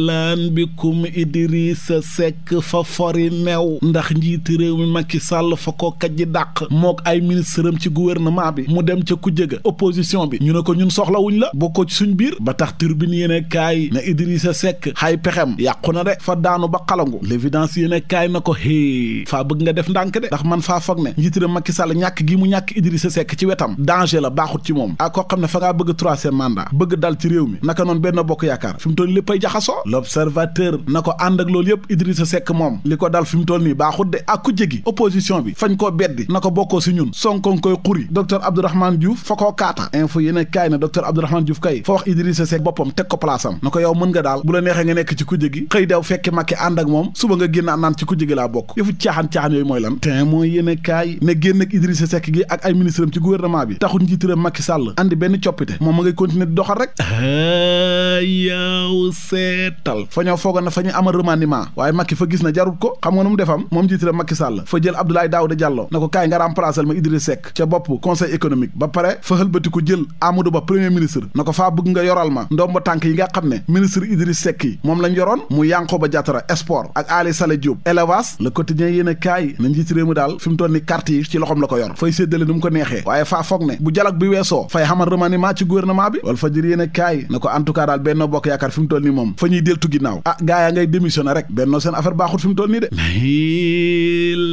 ahlan bikum Idrissa Seck fa fori neew ndax njiiti réew mi Macky Sall fa ko kajji dàq mook ay ministre am ci gouvernement bi mu dem ca kujje ga opposition bi ñu ne ko ñun soxlawuñ la bokkoo ci suñ biir ba tax turbine yéene kaay na Idrissa Seck xay pexem yàqu na de fa daanu ba xalangu l'évidence yéene kaay na ko hée faa bëgg nga def ndànk de ndax man faa foog ne njiiti réew Macky Sall ñàkk gi mu ñàkk Idrissa Seck ci wetam danger la baaxut ci moom ak koo xam ne fa ngaa bëgg troisième mandat bëgg dal ci réew mi naka benn bokk yaakaar fi mu toll léppay jaxasoo l'observateur na ko ànd ak loolu yëpp Idrissa Seck moom li ko dal fi mu toll nii baaxut de ak ku jégi opposition bi fañ koo beddi na ko bokkoo si ñun Sonko koy xuri docteur Abdourahmane Diouf fa koo kaata info yéen kaay na docteur Abdourahmane Diouf kay fa wax Idrissa Seck boppam teg ko place na ko yow mën nga daal bu la neexee nga nekk ci ku jégi xëy dew fekki Macky ànd ak moom suba nga génn naan ci ku jégi laa bokk yëfu caaxaan-caaxaan yooyu bi taxul njiitaram Macky Sall andi benn coppite moom ma ngay gàttal fa ñoo foogoon fa ñu amal remaniement waaye Macky fa gis na jarut ko xam nga nu mu defam moom jiitira Macky Sall fa jël Abdoulaye Daouda Diallo na ko kaay nga remplacer ma Idriss Seck ca bopp conseil économique ba pare fa xëlbati jël Amadou Ba premier ministre na ko faa bëgg nga yoral ma ndomba tànk yi nga xam ne ministre Idriss Seck yi moom lañ yoroon mu Yankhoba Diattara sport ak Ali Saleh Diop élevage a la ko yor fay a kaay na ko deltu ginnaaw ah gaa yaa ngay démissionné rek benno seen affaire baaxut fi mu nii de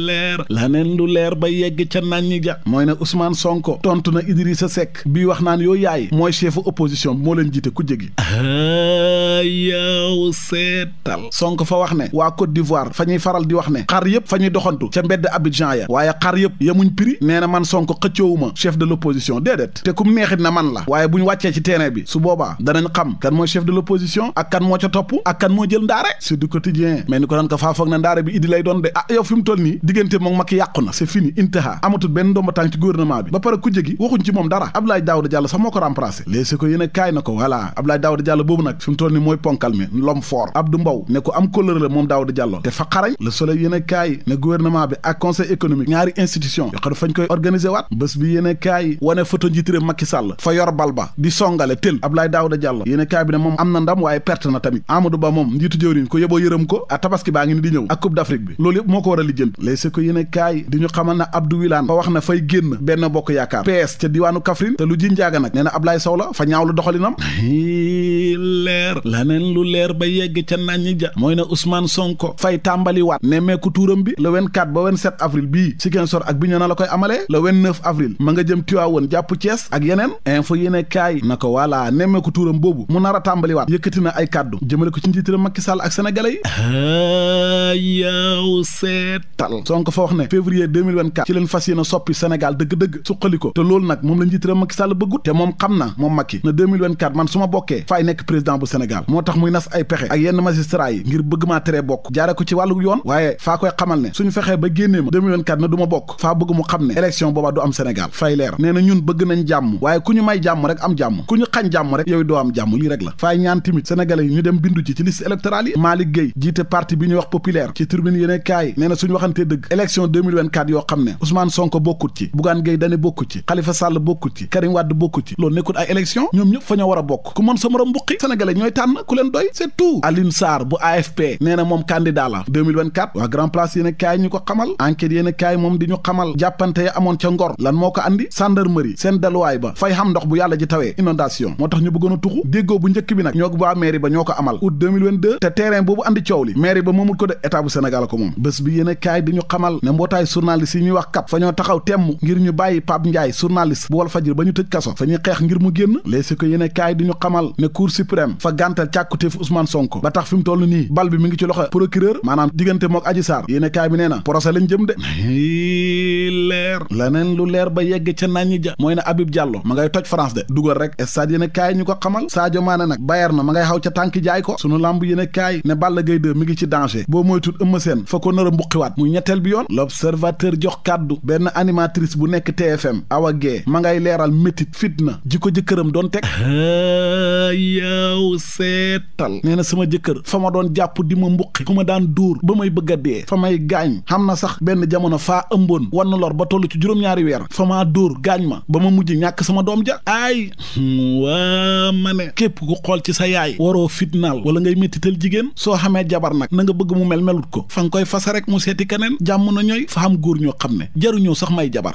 leer la neen lu leer ba yegg ca naan ñi ja mooy ne Ousmane sonk tontu na sa Seck bii wax naan yoo yaay mooy chefu opposition moo leen jiite ku jégi ah, yow seetal Sonko fa wax ne waa Côte d'Ivoire fa ñuy faral di wax ne xar yëpp fa ñuy doxantu ca mbedd Abidjan ya waaye xar yëpp yamuñ prix nee na man Sonko xëccoowuma chef de l'opposition déedéet te kum neexit na man la waaye bu ñu wàccee ci bi su boobaa danañ xam kan napp ak kan moo jël ndaare sur du quotidien mais ko daan ko faa foog ndaare bi idi lay doon de ah yow fi mu toll nii diggante moom Macky yàqu na c'est fini intaha amatul benn ndomba ci gouvernement bi ba pare kujje gi waxuñ ci moom dara Abdoulaye Daouda Diallo sax moo ko remplacé léegi ko yéen a kaay na ko voilà Abdoulaye Daouda Diallo boobu nag fi mu toll nii mooy ponkal mi l'homme fort Abdou Mbow ne ko am kóllëre moom Daouda Diallo te fa xarañ le soleil yéen a kaay ne gouvernement bi ak conseil économique ñaari institution Amadou Ba moom njiitu jëwriñ ko yeboo yërëm ko a tabaski baa ngi ni di ñëw ak Coupe d'Afrique bi loolu yëpp moo ko war a lijjanti léeg ko yéen kaay di ñu xamal na Abdou fa wax na fay génn benn bokk yaakaar PS ca diwaanu Kaffrine te lu ji njaaga nag nee na Ablaye Sow la fa ñaaw doxalinam leer laneen lu leer ba yegg ca naññi ja mooy ne Ousmane Sonko fay tàmbali nemmeeku tuuram bi le 24 ba 27 avril bii Ziguinchor ak Bignona la koy amalee le 29 avril ma nga jëm Tivaouane jàpp Thiès ak yeneen info yéene kaay na ko voilà nemmeeku tuuram boobu mu nar a tàmbaliwaat yëkkati na ay kàddu jëmale ko ci njiitëram Macky Sall ak sénégalais yi ah, yaaw seetal Sonko fa wax ne février 2024 ci leen fas yéene soppi Sénégal dëgg-dëgg suqali bu Sénégal moo tax muy nas ay pexe ak yenn magistrat ngir bëgg maa tere bokk jaare ko ci wàllu yoon waaye faa koy xamal ne suñu fexee ba génnee ma 2024 na du bokk faa bëgg mu xam ne élection booba du am Sénégal fay leer nee na ñun bëgg nañ jàmm waaye ku ñu may jàmm rek am jàmm ku ñu xañ jàmm rek yooyu doo am jàmm lii rek la faay ñaan timit sénégalais yi ñu dem bindu ci ci liste électorale yi Malick Gueye jiite parti bi ñuy wax populaire ci tribune yéene ne Ousmane Sonko bokkut ci Bougane Gueye Dany bokkut ci Khalifa Sall bokkut ci Karim Wade bokkut ci ñoom sénégalais ñooy tànn ku leen doy c'est tout Alioune Sarr bu AFP nee na moom candidat la 2024 waa grand place yéen a ñu ko xamal enquête yéen a kaay moom di ñu xamal jàppante ya amoon ca ngor lan moo ko andi gendarmerie seen delluwaay ba fay xam ndox bu yàlla ji tawee inondation moo tax ñu bëggoon a tuxu déggoo bu njëkk bi nag ñoo ko waa ba ñoo ko amal août 2022 te terrain boobu andi coow li mairie ba moomul ko de état bu Sénégal ko moom bés bi yéen a kaay di ñu xamal ne mbootaay ñoo taxaw temm ngir ñu bàyyi Pape Ndiaye journaliste bu Walfadjri ba ñu tëj kaso fa ñuy xeex ngir mu génn léeg si ko a kaay di ñu xamal ne cour suprême fa gàntal càkkutéef Ousmane Sonko ba tax fi mu toll nii bal bi mi ngi ci loxo procureur maanaam diggante mook Adji Sarr yéene kaay bi nee na procès lañ jëm de leer leneen lu leer ba yegg ca naññi ja mooy ne abib Diallo ma ngay toj France de dugal rek stade yéene kaay ñu ko xamal Sadio Mané nag bayar na ma ngay xaw ca tànk jaay ko sunu làmb yéene kaay ne Balla Gaye 2 mi ngi ci danger boo moytu Eumeu Sène fa ko nar a mbuqiwaat muy ñetteel bi yoon l'observateur jox kàddu benn animatrice bu nekk TFM Awa Guèye ma ngay leeral métit fitna ji ko jëkkëram doon yow seetal nee na sama jëkkër fa ma doon jàpp di ma mbuqi ku ma daan dóor ba may bëgg a dee fa may gaañ xam na sax benn jamono faa ëmboon wan na lor ba toll ci juróom-ñaari weer fa maa dóor gaañ ma ba ma mujj ñàkk sama doom ja aay hmm, waa ma ne képp ku xool ci sa yaay waroo fitnaal wala ngay méttital jigéen soo xamee jabar nag na nga bëgg mu mel melut ko fa nga koy fasa rek mu seeti keneen jàmm na ñooy fa xam góor ñoo xam ne jaruñoo sax may jabar